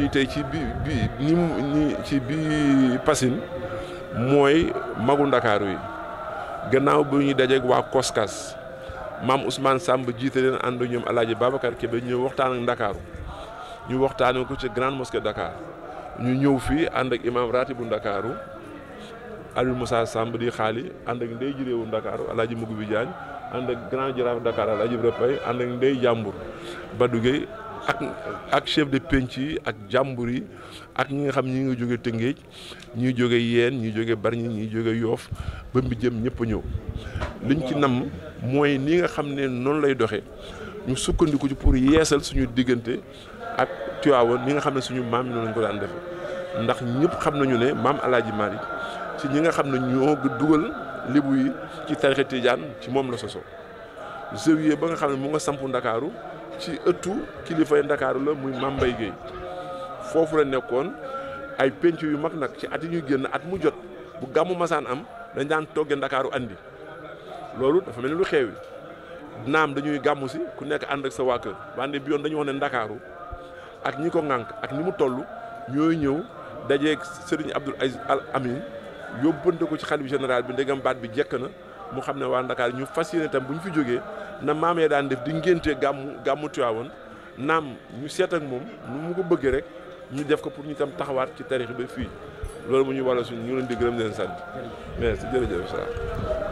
bi tey ci bi bi ñi ñi ci bi Passine mooy magu ndakaaru yi gannaaw bu ñuy dajeeg waa Koskas maam Ousmane Samb jiite leen ànd ñoom El Hadj Babacar Kébé ñëw waxtaan ndakaaru ñu waxtaanee ko ci grande mosquée Dakar ñu ñëw fii ànd ak imam bu ndakaaru Aliou Moussa Samb ji réewu ndakaaru bi Diagne ànd ak grand jaraaf Dakar El Hadj Ibrahima Faye ànd ak ndey jàmbur Badou ak ak chef de penc yi ak jàmbur yi ak ñi nga xam ñi ngi jóge Tëngéej ñi jóge Yeen ñi jóge Bargny ñi jóge Yoof ba mbi jëm ñëpp a ñëw liñ ci nam mooy ni nga xam ne noonu lay doxee ñu sukkandiku ci pour yeesal suñu diggante ak Tiwaawan ni nga xam ne suñu maam yi noonu lañ ko daan defe ndax ñëpp xam nañu ne maam Alaaji Maalik ci ñi nga xam ne ñoo dugal Lebu yi ci tarixa Tijaan ci moom la sosoo zawiya ba nga xam ne mu nga sampu ndakaaru ci ëttu kilifay ndakaaru la muy màmbay Mbaye foofu la nekkoon ay penc yu mag nag ci at yi ñuy génn at mu jot bu gàmmu masaan am dañ daan togge ndakaaru andi loolu dafa mel ni lu xeewi naam dañuy gàmmu si ku nekk ànd ak sa waa kër wante bi yoon dañu wax ne ndakaaru ak ñi ko ŋànk ak ni mu toll ñooy ñëw dajeeg sëriñ Abdoul Aziz Al Amin yóbbante ko ci xalif général bi ndegam baat bi jekk na mu xam ne waa ndakaar ñu fas yéene bu ñu fi jógee na maam ya daan def di ngénte gàmmu gàmmu Tiwaawan naam ñu seet ak moom nu mu ko bëggee rek ñu def ko pour ñu tam taxawaat ci tarix bi fii loolu mu ñuy walla suñ ñu leen di gërëm leen si merci jërëjëf saa